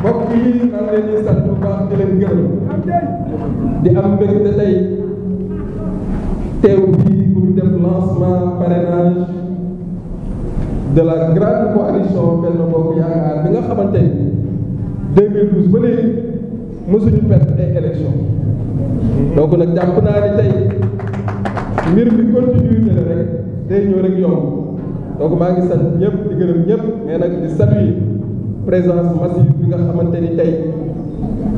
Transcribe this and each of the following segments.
mbokk yi maa leen di sant bu baax di leen gërëm di am mbégte tey teew fii pour def lancement parrainage de la grande coalition Benno Bokk Yaakaar bi nga xamante ni 2012 ba léegi mosuñu perte ay élections. donc nag jàpp naa ne tey mbir mi continue ne la rek day ñëw rek yomb donc maa ngi sant ñëpp di gërëm ñëpp mais nag di saluer présence massive bi nga xamante ni tey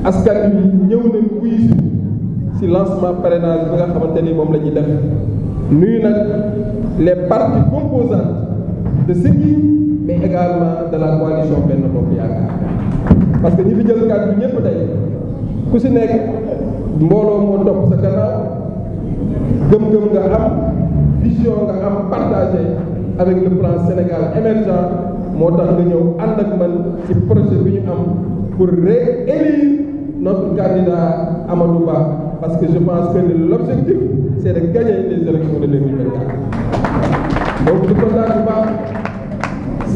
aska bi ñëw nañ wuyu si si lancement parrainage bi nga xamante ni moom la ñuy def nuyu nag les parties composantes de Siggi mais également de la coalition Benno Bokk Yaakaar parce que ñu fi jël kàddu ñëpp tey ku si nekk. mbooloo moo topp sa gannaaw gëm-gëm nga am vision nga am partagé avec le plan Sénégal émergent moo tax nga ñëw ànd ak man ci projet bi ñu am pour réélire notre candidat Amadou Ba parce que je pense que l'objectif c'est de gagner les élections de 2024 donc di kontaan bu baax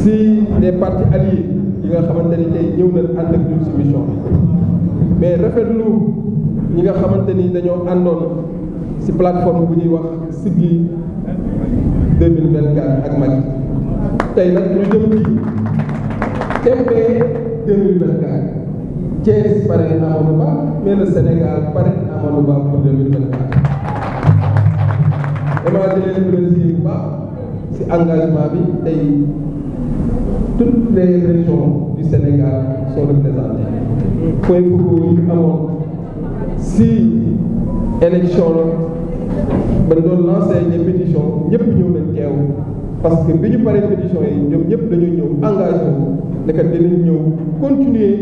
si les partis alliés yi nga xamante ni tey ñëw na ànd ak ñun si mission mais rafetlu ñi nga xamante ni dañoo àndoon ci plateforme bu ñuy wax Siggi 2024 ak Macky tey nag ñu jëm ci TMP 2024 Thiès pare Amadou Ba mais Sénégal pare Amadou Ba pour 2024 dama di leen remercier bu baax bi tey toutes les régions du Sénégal sont représentées. point foofu ñu amoon si élection la ba ñu doon lancé les pétitions ñëpp ñëw nañ teew parce que bi ñu paree pétitions yi ñoom ñëpp dañoo ñëw engagé wu ne kat dinañ ñëw continuer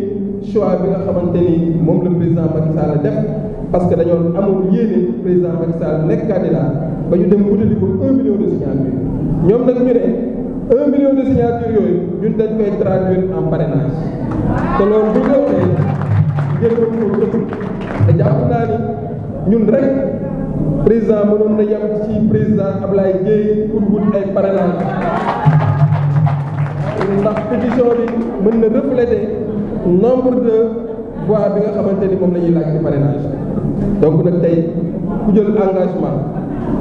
choix bi nga xamante ni moom la président Macky Sall def parce que dañoo amoon yéene président Macky Sall nekk candidat ba ñu dem wutali ko un million de signatures ñoom nag ñu ne. un million de signatures yooyu ñun dañ koy traduire en parrainage te loolu bu ñu ko waxee te jàpp naa ni ñun rek président mënoon na yem ci président Ablaye Gueye pour wut ay parrainage ndax pétition bi mën na refléter nombre de bois bi nga xamante ni moom la ñuy laaj ci parrainage donc nag tey ku jël engagement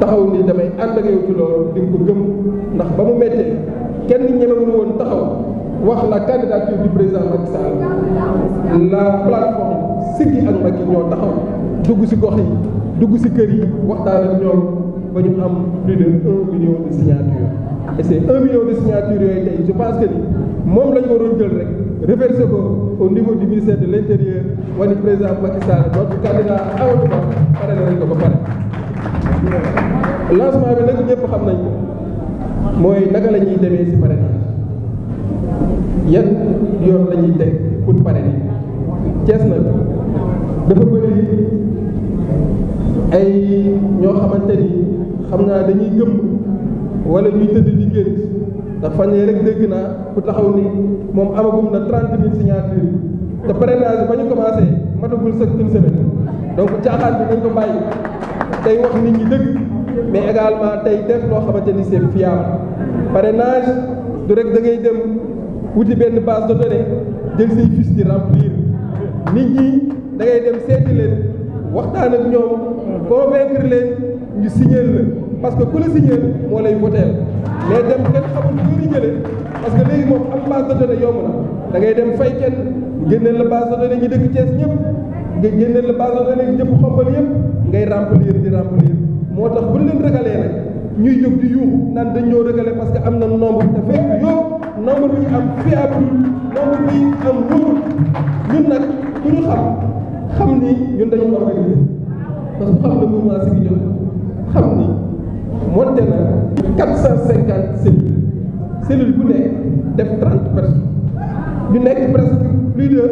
taxaw ni damay ànd ak yow ci loolu di ko gëm ndax ba mu méttee kenn ñemewul woon taxaw. wax la candidature du président Macky Sall la plateforme Siggi ak Macky ñoo taxaw dugg ci gox yi dugg ci kër yi waxtaan ak ba ñu am plus de un million de signatures je pense que ni moom ñu jël rek reversé ko au niveau du ministère de l'intérieur wala président Macky Sall notre candidat Amadou Ba pare nañ ko ba pare. lancement yi nag ñëpp xam nañ mooy naka la ñuy demee ci parrainage yan yoon lañuy ñuy teg pare ni Cees nag dafa bëri ay ñoo xamante ni xam naa dañuy gëm wala ñuy tëdd di gént ndax fan rek dégg naa ku taxaw ni moom amagum na trente mille signature te parrainage ba ñu commencé matagul sax une semaine donc caaxaan bi dañ ko bàyyi tey wax nit ñi dëgg mais également tey def loo xamante ni c'est fiable parrainage du rek da dem. wuti benn base de données jël say fiches di remplir nit ñi da ngay dem seeti leen waxtaan ak ñoom convaincre leen ñu signer la parce que ku la signer moo lay voteel mais dem kenn xamul lu ñu jëlee parce que léegi moom am base de données yomb na da ngay dem fay kenn génneel la base de données ñi dëkk Thiès ñëpp nga génneel la base de données ñëpp xombal yëpp ngay remplir di remplir moo tax bu leen ragalee nag ñuy jóg di yuuxu naan dañ ñoo ragale parce que am na nombre nangu bi am fiab bi nangu bi am wóorul ñun nag bu ñu xam xam ni ñun dañu organisé parce que xam ne mouvement si ni monte na quatre cent cinquante cellules cellule bu nekk def trente personnes ñu nekk presque plus de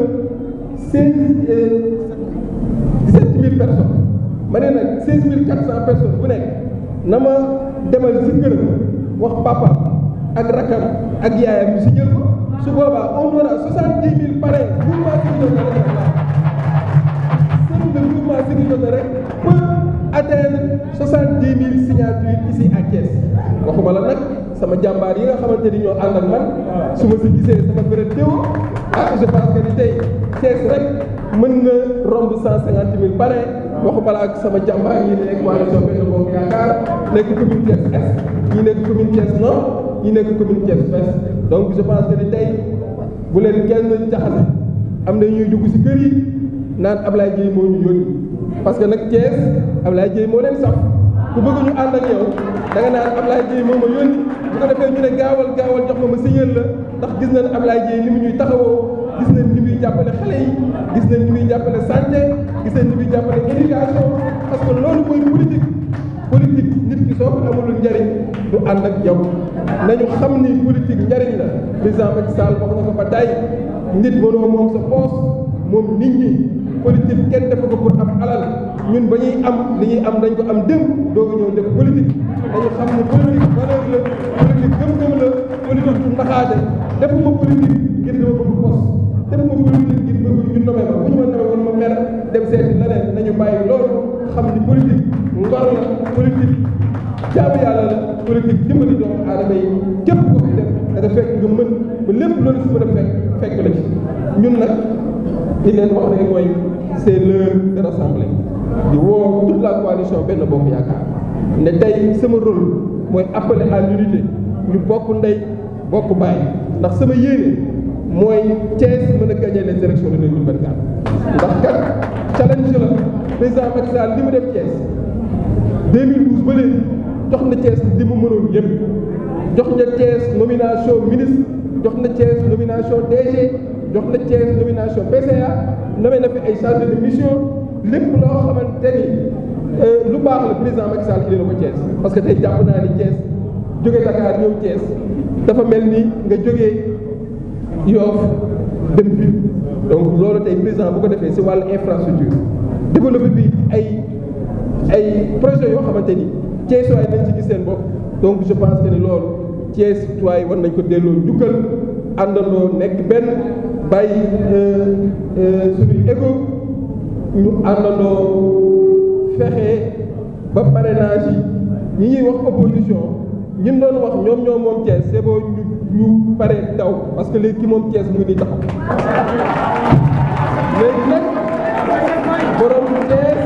seize euh, dix mille personnes ma ne nag seize mille quatre cent personnes bu nekk na ma demal si kër wax papa ak rakam ak yaayam ñu signé ko su boobaa on aura soixante-dix mille pare mouvement Siggil Jotna rek seul le mouvement Siggil Jotna rek peut atteindre soixante-dix mille signatures ici à Thiès waxuma la nag sama jàmbaar yi nga xamante ni ñoo ànd ak man su ma si gisee sama frère Théo ah je pense que ni tey Thiès rek mën nga romb cent cinquante mille pare waxuma la ak sama jàmbaar yi nekk waa région Benno nekk commune Thiès ñi nekk commune Thiès Ouest donc je ne tey bu leen kenn am na ñuy dugg si kër yi naan Ablaye Dieye moo ñu yónni parce que nag Thiès Ablaye Dieye moo leen saf ku bëgg ñu ànd ak yow da nga naan Ablaye Dieye moo ma yónni bu ko defee ñu ne gaawal gaawal jox ma ma signal la ndax gis nañ Ablaye Dieye li mu ñuy taxawoo gis nañ ni muy jàppale xale yi gis nañ ni muy jàppale santé gis nañ ni muy jàppale éducation parce que loolu mooy politique politique nit ki soo ko amulul njëriñ du ànd ak yow nañu xam ni politique njariñ la président Macky Sall wax na nit mënoo moom sa poos moom nit ñi politique kenn def ko ba ñuy am li ñuy am dañ ko am démb dooga ñëw def politique dañu xam ni politique valeur la politique gëm-gëm la politique du naxaate defuma politique ngir dama bëgg poos defuma politique ñu nomee ma ma nomee woon ma mer dem nañu bàyyi loolu xam ni politique ngor la politique jaamu yàlla la wala di dimbali doomu aadama yi képp ko fi def dana fekk nga mën ba lépp loolu si mën a fekk fekk la ci ñun nag li leen wax ne mooy c'est l'heure de rassembler di woo toute la coalition benn bokk yaakaar ne tey sama rôle mooy appeler à l'unité ñu bokk ndey bokk bàyyi ndax sama yéene mooy Thiès mën a gagner les élections de 2024 ndax kat challenge la président Macky Sall li mu def Thiès 2012 ba léegi jox na Thiès li mu mënoon yëpp jox na Thiès nomination ministre jox na Thiès nomination DG jox na Thiès nomination PCA namee na fi ay chargé de mission lépp loo xamante ni euh, lu baax la président Macky Sall indi na ko parce que tey jàpp naa ni Thiès jóge Dakar ñëw Thiès dafa mel ni nga jógee Yoff dem bi donc loolu tey président bu ko defee si wàllu infrastructure développé bi ay ay projet yoo xamante ni Thiès waay nañ ci gis seen bopp donc je pense que ni loolu Thiès waay war nañ ko delloo njukkal àndandoo nekk benn bàyyi euh, euh, suñuy égo ñu àndandoo fexe ba parrainage yi ñi ñuy wax opposition ñun doon wax ñoom ñoom moom Thiès c'est bon ñu ñu pare daw parce que léegi ki moom Thiès mu ngi nii léegi nag borom Thiès.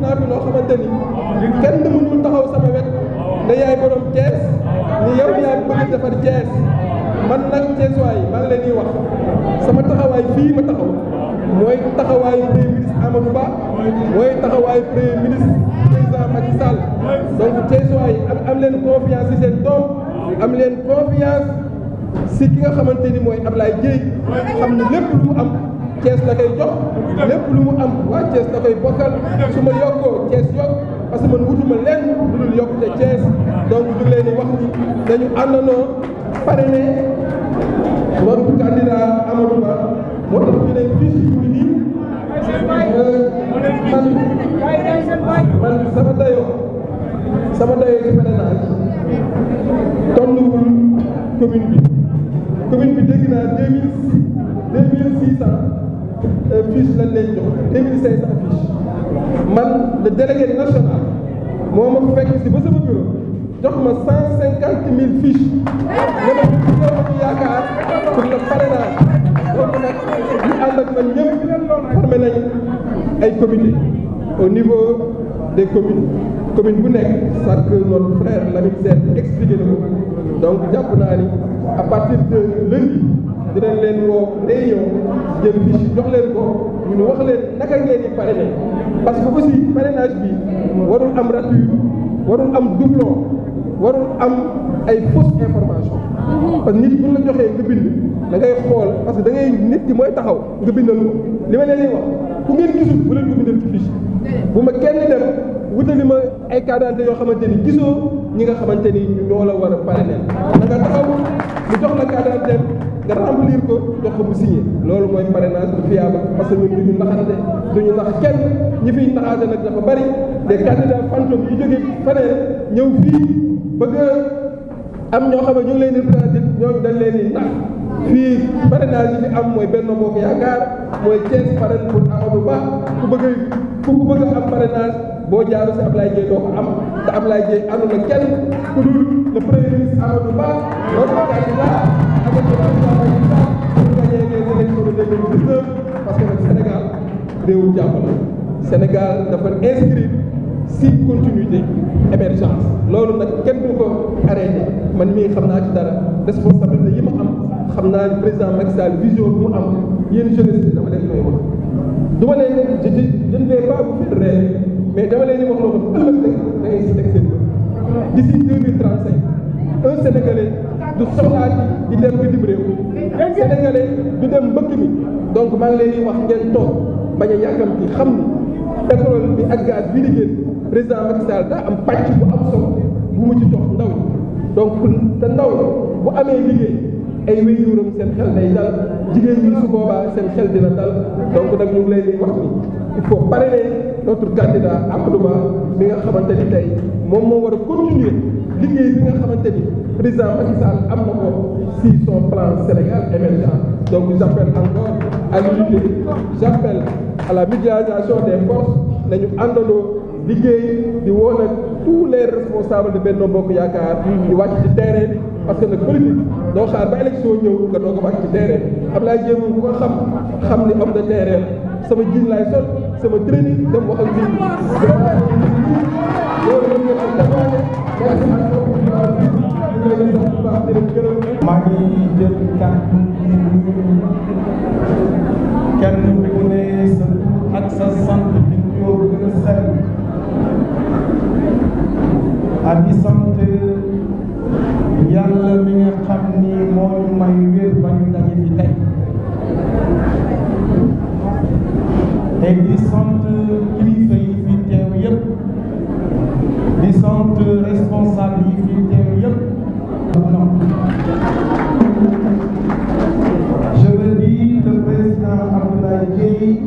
gis naa fi loo xamante ni kenn mënul taxaw sama wet ne yaay borom Thiès ni yow yaay bëgg defar Thiès man nag Thiès waay maa ngi leen di wax sama taxawaay fii ma taxaw mooy taxawaayu premier ministre Amadou Ba mooy taxawaayu premier ministre président am leen confiance ci seen doom am leen confiance ci ki nga xamante ni mooy Ablaye Dièye xam ne lépp lu am. Thiès la koy jox lépp lu mu am waa Thiès la koy bokkal su ma yokkoo Thiès yokk parce que man wutuma lenn lu dul yokkute Thiès donc ñu leen wax ni dañu àndandoo parrainé moom candidat Amadou ne fii si ñu nii euh, man man sama dayoo sama dayoo ci parrainage tolluwul commune bi commune bi dégg naa deux mille six Euh, fiche lañ leen jox mille cinq cent fiche man le délégué national moo ma fekk si ba sama bureau jox ma cent cinquante mille fiches ne ma ñoo ma yaakaar pour le parrainage loolu nag ñu ànd ak man ñëpp formé nañ ay comité au niveau des commune commune bu nekk sànq notre frère Lamine Sène expliqué na ko donc jàpp naa ni à de lundi dinañ leen woo day ñëw jël fiche jox leen ko ñun wax leen naka ngeen di parrainé parce que aussi parrainage bi warul am rature warul am doublon warul am ay fausse information parce que nit bu la joxee nga bind da ngay xool parce que da ngay nit ki mooy taxaw nga bindal ko li ma leen di wax ku ngeen gisul bu leen ma kenn dem wutali ma ay cadante yoo xamante ni gisoo ñi nga xamante ni ñoo la war a leen da nga taxaw mu jox la cadante nga remplir ko jox ko mu signé loolu mooy parrainage bu fiable parce que ñun duñu naxante duñu nax kenn ñi fiy naxaate nag dafa bari des candidats fantômes yu jóge faneen ñëw fii bëgg a am ñoo xam ne ñu ngi leen di présenter ñooñu dañ leen di nax fii parrainage yi fi am mooy Benno Bokk Yaakaar mooy Thiès parrain pour Amadou Ba ku bëgg ku a am parrainage boo jaaru si Ablaye Dieye doo ko am te Ablaye Dieye àndul na kenn ku dul le premier ministre Amadou Ba loolu candidat avec le travail du temps pour gagner les élections de 2019 parce que nag Sénégal réewu jàmm la Sénégal dafa inscrire si continuité émergence loolu nag kenn du ko arrêté man mii xam naa ci dara responsabilité yi ma am xam naa président Macky Sall vision bu mu am yéen jeunesse bi dama leen koy wax duma leen je je je ne vais pas vous faire rêver mais dama leen di wax loolu ëllëg da ngay si teg seen bët d'ici deux mille trente cinq un Sénégalais du soxlaaj di dem bitim réew sénégalais du dem mbëkk mi donc maa ngi leen di wax ngeen toog bañ a yàkkamti xam ni pétrole bi ak gaz bi di génn président Macky Sall daa am pàcc bu am solo bu mu ci jox ndaw donc te ndaw bu amee liggéey ay wéyuuram seen xel day dal jigéen ñi su boobaa seen xel dina dal donc nag ñu ngi leen di wax ni il faut parrainer notre candidat Amadou Ba nga xamante tey moom moo war a continuer liggéey bi nga xamante ni président Macky Sall am na ko si son plan Sénégal émergent donc j'appelle encore à l'unité j'appelle à la mutualisation des forces nañu àndandoo liggéey di woo nag tous les responsables de Benno Bokk Yaakaar di wàcc ci terrain bi parce que nag politique doo xaar ba élection ñëw nga doo ko wàcc ci terrain Abdoulaye Dièye moom bu ko xam xam ni homme de terrain la sama jiin laay sol sama training dem wax ak nit ñi loolu moom nga xam maa ngi jël kàddu kenn ku ne ak sa sant di nuyoo a di sant yàlla mi nga xam ni moo may wér ba ñu daje fi tey di sant responsable yi fii je veux dire le président Abdoulaye Dièye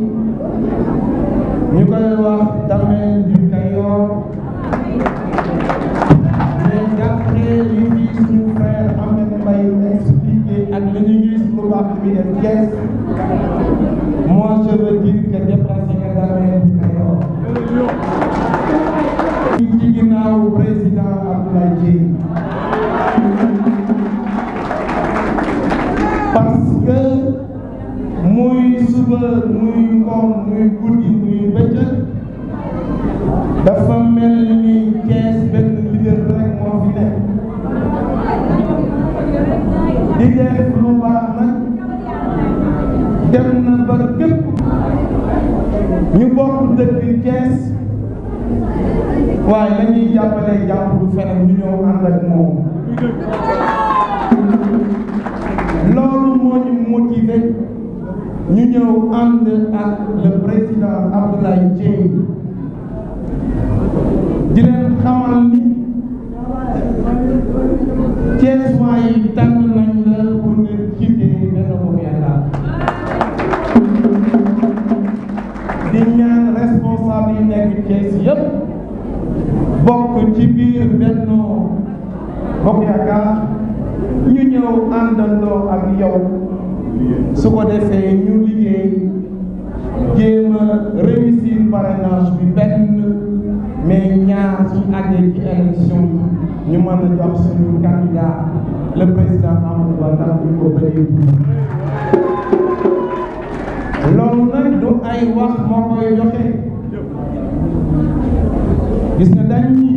ñu koy wax Damel du Kayor mais d'après li ñuy suñu frère Ahmed expliqué ak li ñuy gis lu baax bi def Thiès moi je veux dire que jàppul feneen ñu ñëw ànd ak moom loolu moo ñu motivé ñu ñëw ànd ak le président Abdoulaye Dièye di leen xamal ni Thiès yi tànn nañ la pour nga jiite benn bopp yaakaar di ñaan responsable yi nekk Thiès bokk ci biir Benno Bokk Yaakaar ñu ñëw àndandoo ak yow su ko ñu liggéey jéem a réussir parrainage bi benn mais ñaar su àggee ci élection ñu mën a jox suñu candidat le président Amadou Ba ndax ñu ko bëggee loolu nag du ay wax moo koy joxe gis nga dañ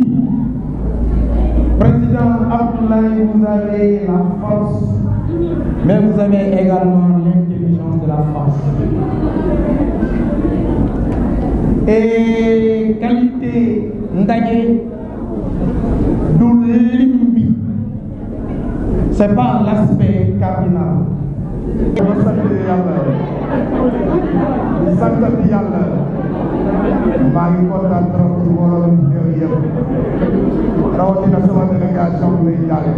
Abdoulaye, vous avez la force, mais vous avez également l'intelligence de la force. Et qualité ndaje du lim bi, c'est pas l'aspect cardinal. ma sant yàlla di sant yàlla maa ngi kontaan trop ci mbooloo rawatina sama délégation lay jaare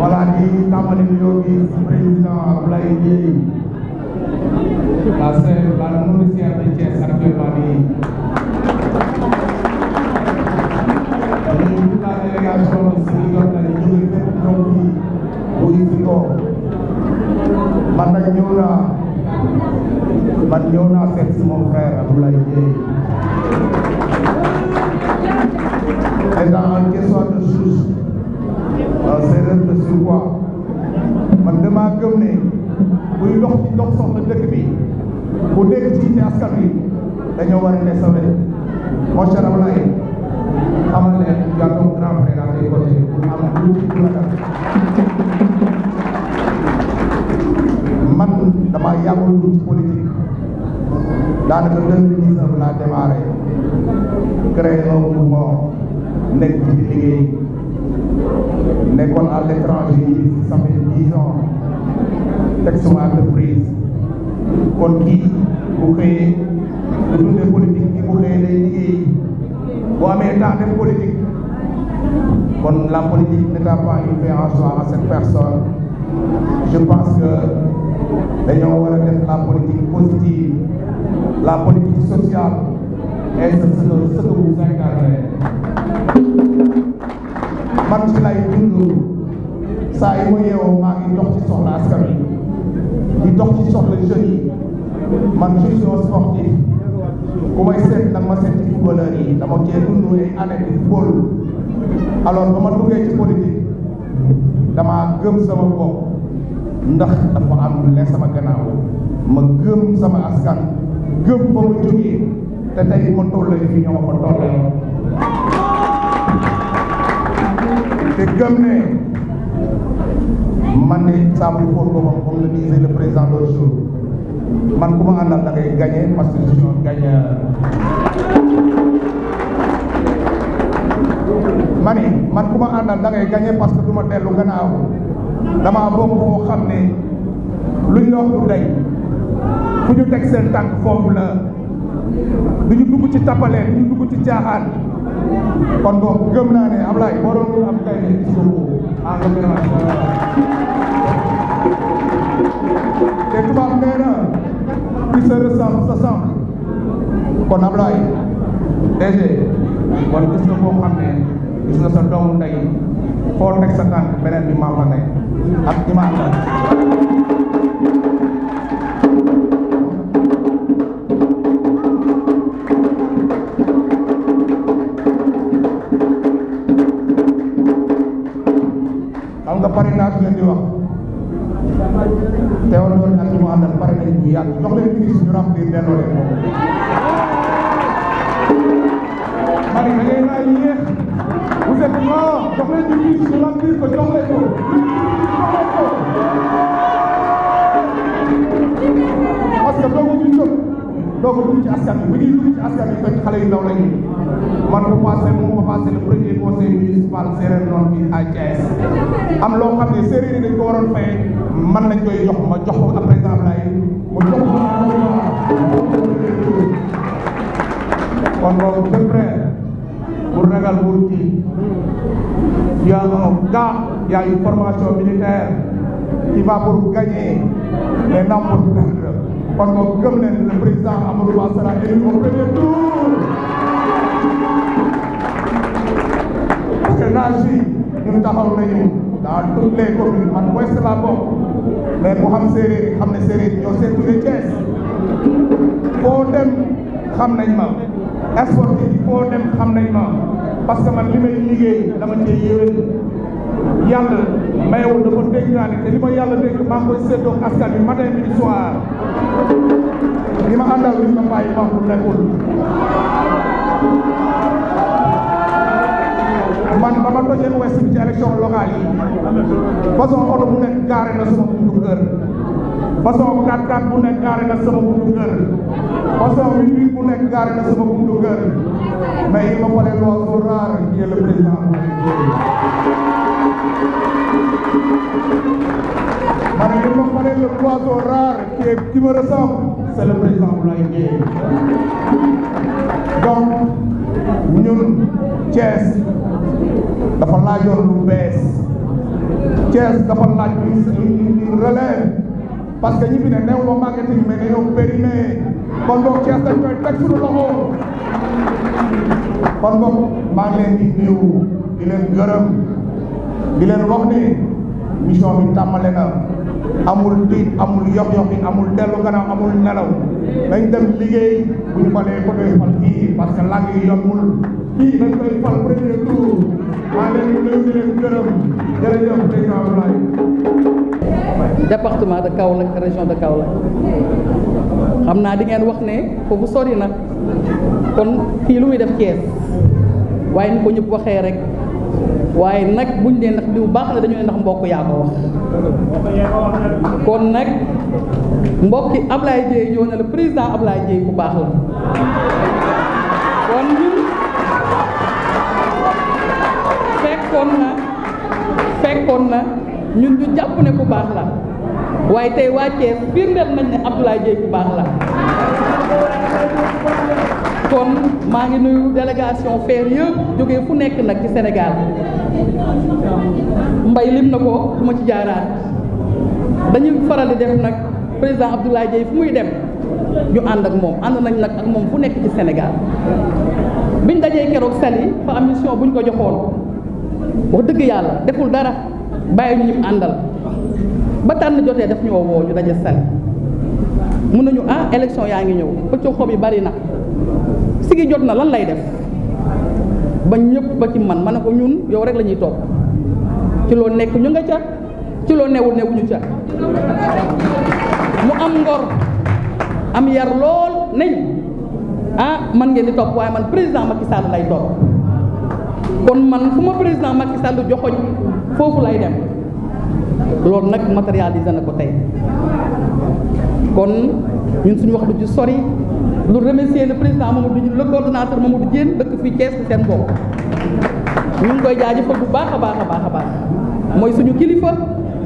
voilà di tàmbali nuyoo bi si président Abdoulaye Dièye la sœur la nourricière de Thiès actuellement nii daanaka deux mille dix neuf laa démarré créé un mouvement nekk ci liggéey nekkoon à l'étranger yi ça fait dix ans teg sama entreprise kon kii bu xëyee bu dundee politique kii bu xëyee day liggéey boo amee temps def politique kon la politique n'étant pas une fin en soi à cette personne je pense que dañoo war a def la politique positive la politique sociale et ce que ce que vous incarnez man ci lay dund saa yi ma yeewoo maa ngi dox ci soxla askan wi di dox ci soxla jeunes yi man je suis un sportif ku may seet nag ma seet ci footballeur yi dama cee dund ay année di football alors ba ma duggee ci politique damaa gëm sama bopp ndax dafa am lu ne sama gannaaw ma gëm sama askan gëm ba mu jógee te tey ma tollale fi ñoo ma ko tollale te gëm ne man de saabu fóot boppam comme le disait le président l'autre jour man ku ma àndal da ngay gagné man ku ma àndal da ngay parce que du ma dellu gannaaw damaa bokk foo xam ne luñ la wax du fu ñu teg seen tànk foofu la du ñu dugg ci tappale du ñu dugg ci caaxaan kon donc gëm naa ne ab boo doon am kay ci suuf en te tubaab nee na qui se ressemble s'assemble kon Ablaye DG kon gis nga koo ne gis sa doomu ndey foo teg tànk beneen bi maa fa nekk ak ñi ma àndal parrainage ngeen di wax teewal loolu ak ñi mu àndal pare nañ bu yàgg jox leen crise ñu remplir delloo leen moom ma ne da ngeen naa yéex vous êtes non jox leen crise ñu remplir ko jox leen ko doog a dugg fekk xale yu na lañu man bu passé moom bu passé le premier conseil municipal séeréer noonu bi am loo xam ne séeréer yi dañ ko man nañ koy jox ma jox ko lay mu jox ko kon boobu c'est vrai bu bu kii y a un gars y a une formation militaire qui va pour gagner mais non pour parce que gëm nañ le président Amadou Ba sera élu au premier tour parce que naaj yi ñun taxaw nañu dans toutes les communes man ouest la bokk mais mu xam séeréer xam ne séeréer ñoo seetlu Thiès foo dem xam nañ ma effort yi foo dem xam nañ ma parce que man li may liggéey dama cee yéwén yàlla mayoon na ma dénkaane te li ma yàlla dénk maa ngi koy séddoo askan bi matin midi soir li ma àndal li ma bàyyi ma ko nekkul man ba ma tojee west bi ci élection façon oto bu nekk gaare na sama buntu kër façon 4-4 bu nekk gaare na sama buntu kër façon 8-8 bu nekk gaare na sama buntu kër mais il me paraît l'oiseau qui est le président de la Mais il me paraît le poisson rare qui, est, qui me ressemble, c'est le président Boulaye Donc, ñun Thiès dafa laajoon lu bees Thiès dafa laaj une relève parce que ñi fi ne néew ma marketing mais dañoo kon donc Thiès dañ koy teg suñu loxo kon boog maa ngi leen di nuyu di leen gërëm di leen wax ne mission bi tàmmale na amul tiit amul yox-yoxi amul dellu gannaaw amul nelaw dañ dem liggéey bu ñu balee ko doy fal kii parce que làng yi yombul kii dañ koy fal premier tour maa ngi leen di nuyu di leen gërëm jërëjëf président Abdoulaye département de kaw Kaolack région de Kaolack xam naa di ngeen wax ne foofu sori na kon fii lu muy def Thiès waaye ni ko ñëpp waxee rek waaye nag buñ dee ndax diw baax na dañu ne ndax mbokk yaa ko wax kon nag mbokki Ablaye Dieye ñoo ne la président Ablaye Dieye bu baax la kon ñun fekkoon na fekkoon na ñun ñu jàpp ne ku baax la waaye tey waa Thiès firndeel nañ ne Abdoulaye Dieye bu baax la kon maa ngi nuyu délégation feer yëpp jógee fu nekk nag ci Sénégal mbay lim na ko du ma ci jaaraat dañuy faral di def nag président Abdoulaye Dieye fu muy dem ñu ànd ak moom ànd nañ nag ak moom fu nekk ci Sénégal biñ dajee keroog Saly fa am mission buñ ko joxoon wax dëgg yàlla deful dara. bàyyi ñu ñim àndal ba tànn jotee daf ñoo woo ñu daje sali mun nañu ah élection yaa ngi ñëw pëcc xob yi bari na sigi jot na lan lay def ba ñëpp ba ci man ma ne ko ñun yow rek lañuy ñuy topp ci loo nekk ñu nga ca ci loo newul newuñu ca mu am ngor am yar lool nañ ah man ngeen di topp waaye man président Macky Sall lay topp kon man fu ma président Macky Sall joxoñ foofu lay dem loolu nag matérialisé na ko tey kon ñun suñu wax du ci sori lu remercier le président Mamadou Dieng le coordonnateur Mamadou Dieng dëkk fii Thiès seen bopp ñu ngi koy jaajëfal bu baax a baax a baax a baax mooy suñu kilifa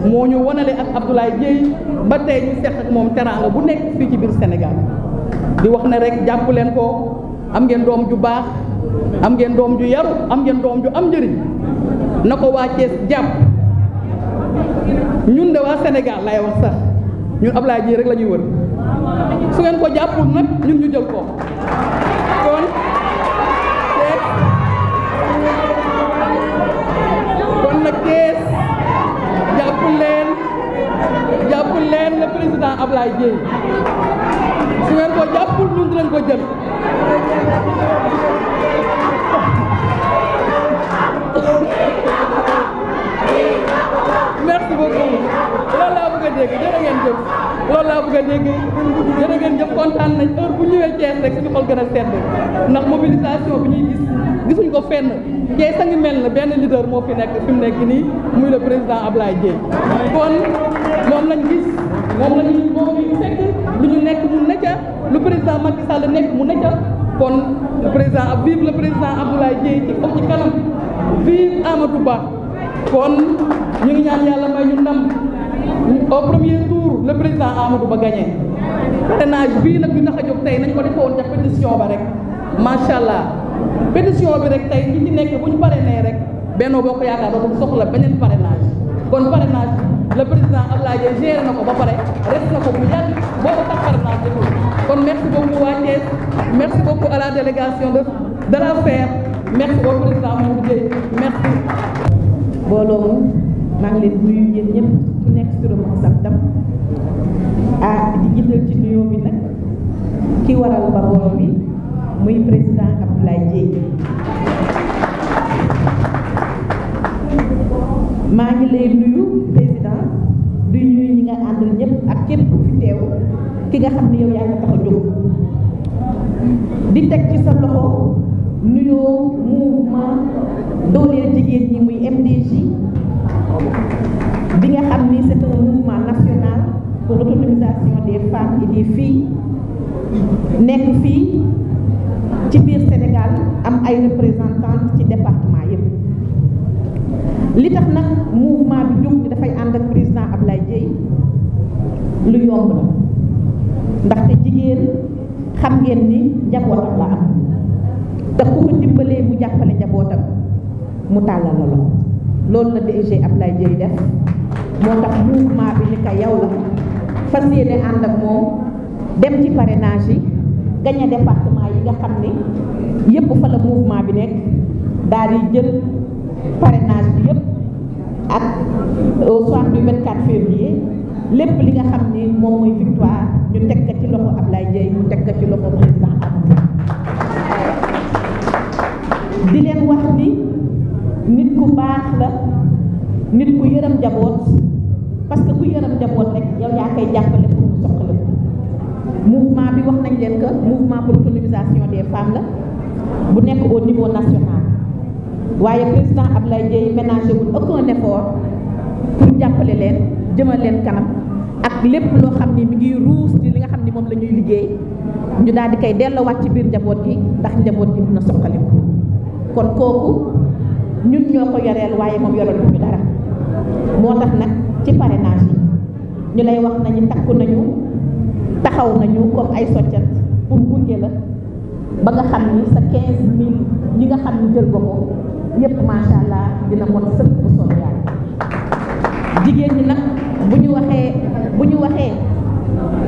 moo ñu wanale ak Abdoulaye Dieye ba tey ñu seq ak moom teraanga bu nekk fii ci biir Sénégal di wax na rek jàpp leen ko am ngeen doom ju baax am ngeen doom ju yaru am ngeen doom ju am njëriñ na ko waa Cees jàpp ñun de waa Sénégal lay wax sax ñun Ablaye ji rek la ñuy su ngeen ko jàppul nag ñu jël ko kon Cees kon leen jàpp leen le président Ablaye Dieye su ngeen ko jàppul ñun dinañ ko jël merci beaucoup loolu laa bëgg a dégg jërë ngeen jëf loolu laa bëgg a dégg jërë ngeen jëf kontaan nañ heure bu ñëwee Thiès rek suñu xol gën a sedd ndax mobilisation bi ñuy gis gisuñ ko fenn Thiès a ngi mel na benn leader moo fi nekk fi mu nekk nii muy le président Ablaye Dièye kon moom lañ gis moom lañ moom lañu fekk lu ñu nekk mun na ca lu président Macky Sall nekk mu nekk kon président vive le président Abdoulaye Dièye ci kaw ci kanam vive Amadou Ba kon ñu ngi ñaan yàlla may ñu ndam au premier tour le président Amadou Ba gagné. parrainage bii nag ñu tax a jóg tey nañ ko defee woon pétition ba rek macha allah pétition bi rek tey ñi ci nekk bu ñu parrainé rek Benno Bokk Yaakaar dootul soxla beneen parrainage kon parrainage. le président Abdoulaye Dièye géré na ko ba pare def na ko bu yàgg boobu tax par naa deful kon merci beaucoup waa Thiès merci beaucoup à la délégation de de la merci au président Mamadou Dièye merci. mbooloo mu maa ngi leen ah, muy président Abdoulaye Dièye. maa ngi président du ñuy ñi nga àndal ñëpp ak képp ku fi teew ki nga xam ne yow yaa ngi tax a jóg teg ci sa loxo nuyoo mouvement dooleel jigéen ñi muy MDJ bi nga xam ni c'est un mouvement national pour l'autonomisation des femmes et des filles nekk fii mu tàllal la loxo loolu la ab lay Dieye def moo tax mouvement bi ni ko yow la fas yéene ànd ak moom dem ci parrainage yi gañe département yi nga xam ni yëpp fa la mouvement bi nekk daal di jël parrainage bi yëpp ak au soir du 24 février lépp li nga xam ni moom mooy victoire ñu teg ko ci loxo Abdoulaye Dieye mu teg ko ci loxo yërëm njaboot parce que ku yërëm njaboot rek yow yaa koy jàppale pour mu soxla ma bi wax nañ leen que mouvement pour l'autonomisation des femmes la bu nekk au niveau national waaye président Abdoulaye Dièye ménagé wul aucun effort pour jàppale leen jëmal leen kanam ak lépp loo xam ni mi ngi ruus ci li nga xam ni moom lañuy liggéey ñu daal di koy delloowaat ci biir njaboot gi ndax njaboot gi mun na soxaliku kon kooku ñun ñoo ko yoreel waaye moom yoreel ñu dara. moo tax nag ci pare parrainage yi ñu lay wax nañu takku nañu taxaw nañu comme ay soccat pour gunge la ba nga xam ni sa 15000 ñi nga xam ni jël ko ko yépp macha allah dina mot sëkk bu solo yàlla jigéen ñi nag bu ñu waxee bu ñu waxee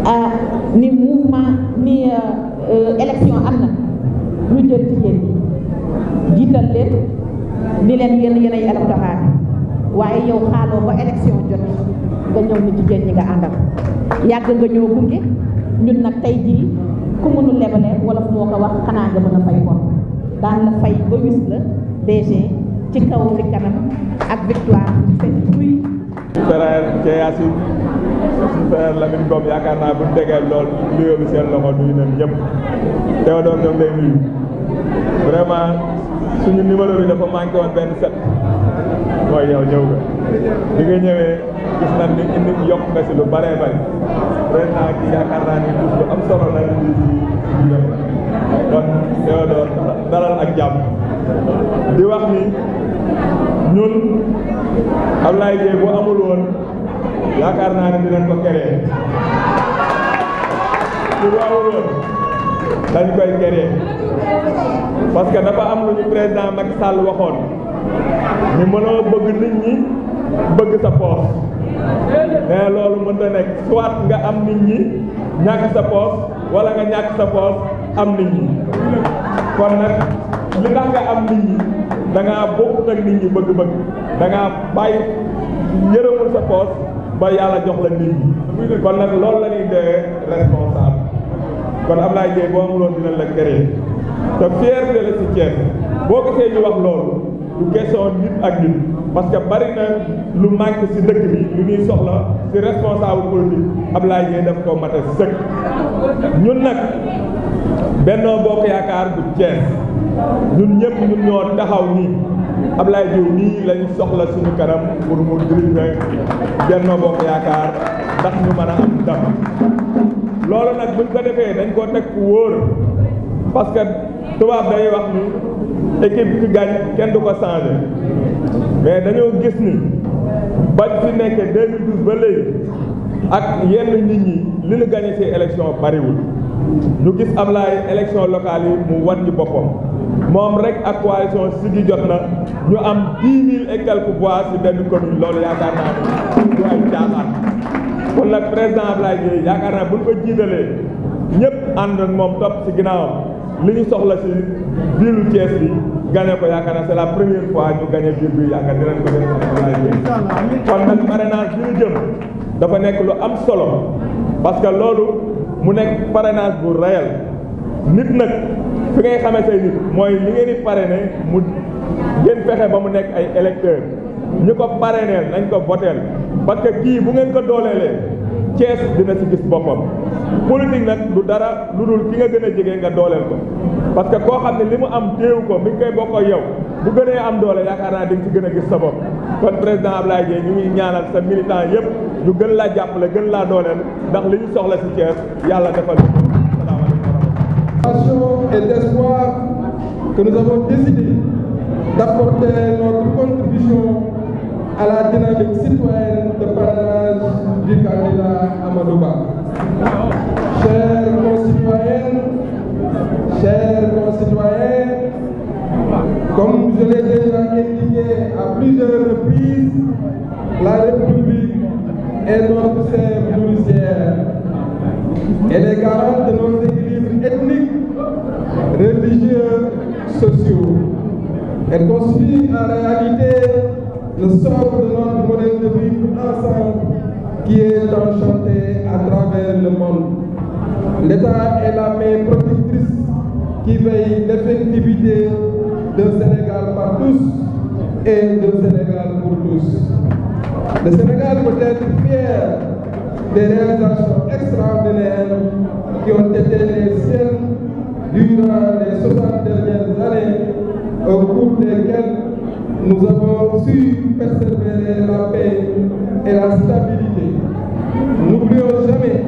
ah, ni mouvement ni euh, euh, élection am na ñu jël jigéen ñi jiital leen ni leen yéen yéen ay électorat waaye yow xaaloo ba élection jot nga ñëw ni jigéen ñi nga àndal yàgg nga ñoo gunge ñun nag tey jii ku mënul lebale wala moo ko wax xanaa nga mën a fay ko daan la fay ba wis la DG ci kaw ci kanam ak victoire seen kuy frère Yacine suñu frère Lamine Gom yaakaar lool nuyoo bi seen loxo duñu nen ñëpp Théodore lay nuyu vraiment suñu numéro bi dafa manqué woon benn set mooy yow ñëw nga bi nga ñëwee gis nañ ni indi yokk nga si lu bëree bëri président ki yaakaar naa ni lu am solo la ñu ñu yokk kon yow doon ak jàmm di wax ni ñun Ablaye Dieye bu amul woon yaakaar naa ne dinañ ko créer bu amul woon dañ koy créer parce que dafa am président Macky Sall waxoon ñu mënoo bëgg nit ñi bëgg sa poos mais eh, loolu mën nekk soit nga am nit ñi ñàkk sa poos wala nga ñàkk sa poos am nit ñi kon nag li tax nga am nit ñi da ngaa bokkut ak nit bëgg-bëgg da ngaa yërëmul sa poos ba yàlla jox la nit ñi kon nag loolu la ñuy dee responsable kon Ablaye Dieye boo amuloon dina la créé te fierté la ci Thiès boo gisee ñu wax loolu du question nit ak nit parce que bari na lu manque si dëkk bi lu ñuy soxla ci responsable politique Ablaye Dièye def ko mate sëkk ñun nag Benno Bokk Yaakaar bu Thiès ñun ñëpp ñun ñoo taxaw nii Ablaye Dièye nii lañ soxla suñu kanam pour mu diriger Benno Bokk Yaakaar ndax ñu mën a am ndam loolu nag buñ ko defee dañ koo teg ku wóor parce tubaab day wax ni équipe bi gañ kenn du ko changé mais dañoo gis ni bañ fi nekkee 2012 ba léegi ak yenn nit ñi li ñu gañe ci élection bariwul ñu gis am laay élection locale yi mu wan ñu moom rek ak coalition si jot na ñu am dix mille et quelques voix ci benn commune loolu yaakaar naa ne du ay caaxaan kon nag président Abdoulaye Dièye yaakaar naa bu ñu ko jiitalee ñëpp ànd ak moom topp ci ginnaawam mi ñu soxla si biiru Thiès bi gagné ko yaakaar naa c'est la première fois ñu gagné biir bi yaakaar dinañ ko def kon nag parrainage bi ñu jëm dafa nekk lu am solo parce que loolu mu nekk parrainage bu réel nit nag fi ngay xamee say nit mooy li ngeen di parrainé mu ngeen fexe ba mu nekk ay électeurs ñu ko parrainé nañ ko voteel parce que kii bu ngeen ko dooleelee di ma si gis boppam politique nag du dara lu dul ki nga gën a jege nga dooleel ko parce que koo xam ne li mu am téew ko mi ngi koy bokk ak yow bu gënee am doole yaakaar naa di ci gën a gis sa bopp kon président Ablaye Dièye ñu ngi ñaanal sa militant yëpp ñu gën laa jàppale gën laa dooleel ndax li ñu soxla si Thiès yàlla defal ko salaamaaleykum et d'espoir que nous avons décidé d'apporter notre contribution à la dynamique citoyenne de parrainage du candidat Amadou Ba Chers concitoyennes, chers concitoyens, comme je l'ai déjà indiqué à plusieurs reprises, la République est notre chef nourricière. Elle de nos équilibres ethniques, religieux, sociaux. Elle constitue en réalité le socle de notre modèle de vie ensemble qui est enchantée à travers le monde. L'État est la main protectrice qui veille l'effectivité d'un Sénégal par et d'un Sénégal pour tous. Le Sénégal peut être fier des réalisations extraordinaires qui ont été les siennes durant les 60 dernières années au cours desquelles Nous avons su persévérer la paix et la stabilité. N'oublions jamais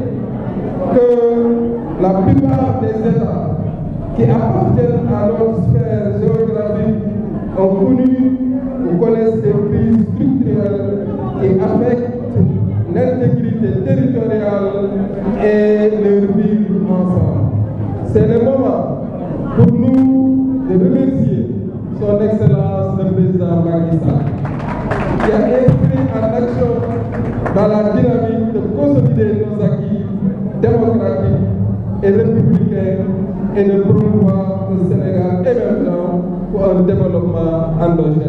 que la plupart des États qui appartiennent à notre sphère géographique ont connu ou connaissent des crises structurelles qui affectent l'intégrité territoriale et leur vivre ensemble. C'est le moment pour nous de remercier Afghanistan, qui a inscrit en action dans la dynamique de consolider nos acquis démocratiques et républicains et de promouvoir un Sénégal émergent pour un développement endogène.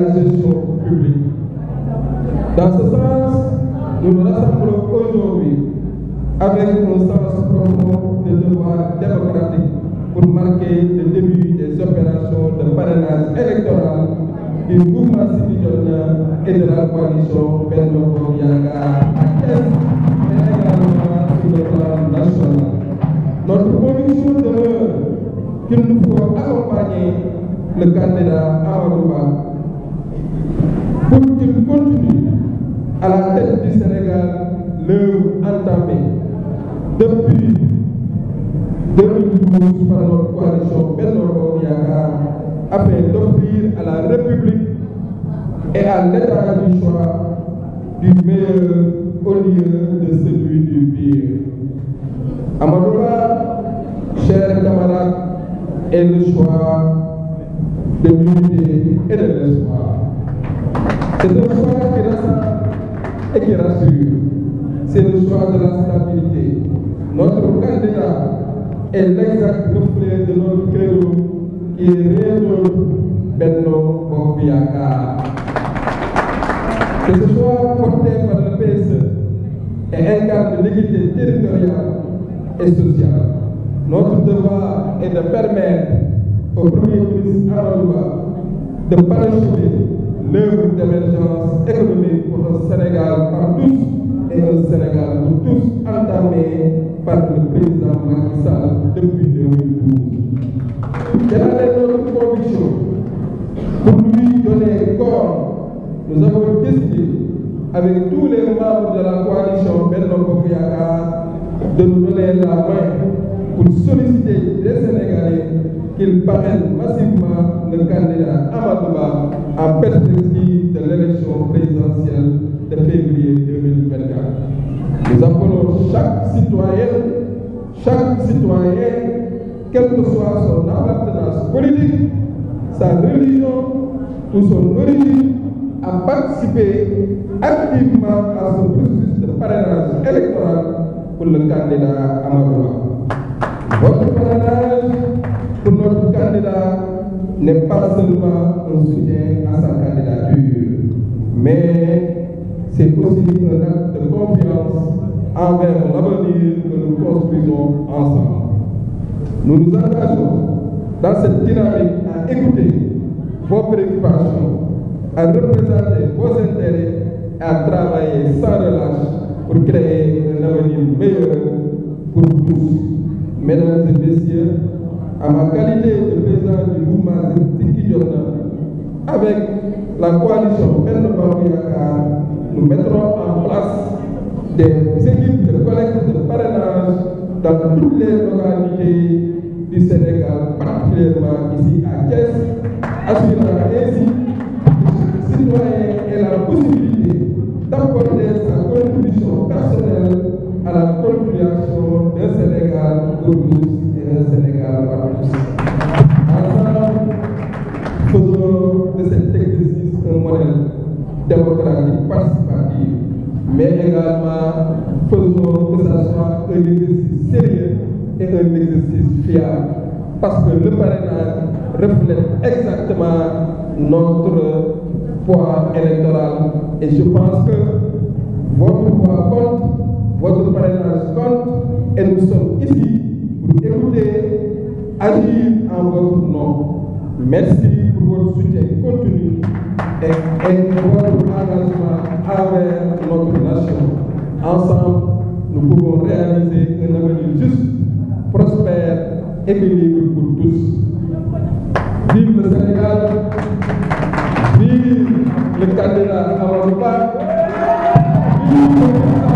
la gestion publique. Dans ce sens, nous nous rassemblons aujourd'hui avec un sens profond des devoirs démocratiques pour marquer le début des opérations de parrainage électoral du mouvement civil et de la coalition Benno Bokk Yaakaar à Thiès et également sur le plan national. Notre conviction demeure qu'il nous faut accompagner le candidat Amadou Ba pour qu'il continue à la tête du Sénégal l'œuvre entamée depuis 2012 par notre coalition Benno Bokk Yaakaar afin d'offrir à la République et à l'État du choix du meilleur au lieu de celui du pire. Amadou Ba, chers camarades, est le choix de l'unité et de l'espoir. C'est un choix qui reste et qui rassure. C'est le choix de la stabilité. Notre candidat est l'exact reflet de notre credo qui est rien d'autre Benno Bokk Yaakaar. C'est ce choix porté par le PSE et incarne l'équité territoriale et sociale. Notre devoir est de permettre au Premier ministre Amadou Ba de parachuter l'œuvre d'émergence économique pour un Sénégal par tous et un Sénégal pour tous entamé par le président Macky Sall depuis 2012. J'avais notre conviction pour lui donner corps, nous avons décidé avec tous les membres de la coalition Benno Bokk Yakaar de nous donner la main pour solliciter les Sénégalais qu'il parraine massivement le candidat Amadou Ba en perspective de l'élection présidentielle de février 2024. Nous appelons chaque citoyen, chaque citoyen, quelle que soit son appartenance politique, sa religion ou son origine, à participer activement à ce processus de parrainage électoral pour le candidat Amadou Ba. Votre parrainage n'est pas seulement un soutien à sa candidature, mais c'est aussi un acte de confiance envers l'avenir que nous construisons ensemble. Nous nous engageons dans cette dynamique à écouter vos préoccupations, à représenter vos intérêts et à travailler sans pour créer un avenir meilleur pour tous. Mesdames et messieurs, à ma qualité de président du mouvement Siggi Jotna avec la coalition Benno Bokk Yaakaar nous mettrons en place des équipes de collecte de parrainage dans toutes les localités du Sénégal particulièrement ici à Thiès assurant ainsi que chaque citoyen ait la possibilité d'apporter sa contribution personnelle à la construction d'un Sénégal pour tous de cet exercice un modèle démocratique participatif, mais également faisons que ça soit un exercice sérieux et un exercice fiable, parce que le parrainage exactement notre poids électoral et je pense que votre poids compte, votre parrainage compte et nous sommes ici agir en votre nom. Merci pour votre soutien continu et, et pour votre engagement envers notre nation. Ensemble, nous pouvons réaliser un avenir juste, prospère, équilibré pour tous. Vive le Sénégal, vive le candidat Amadou Ba, vive le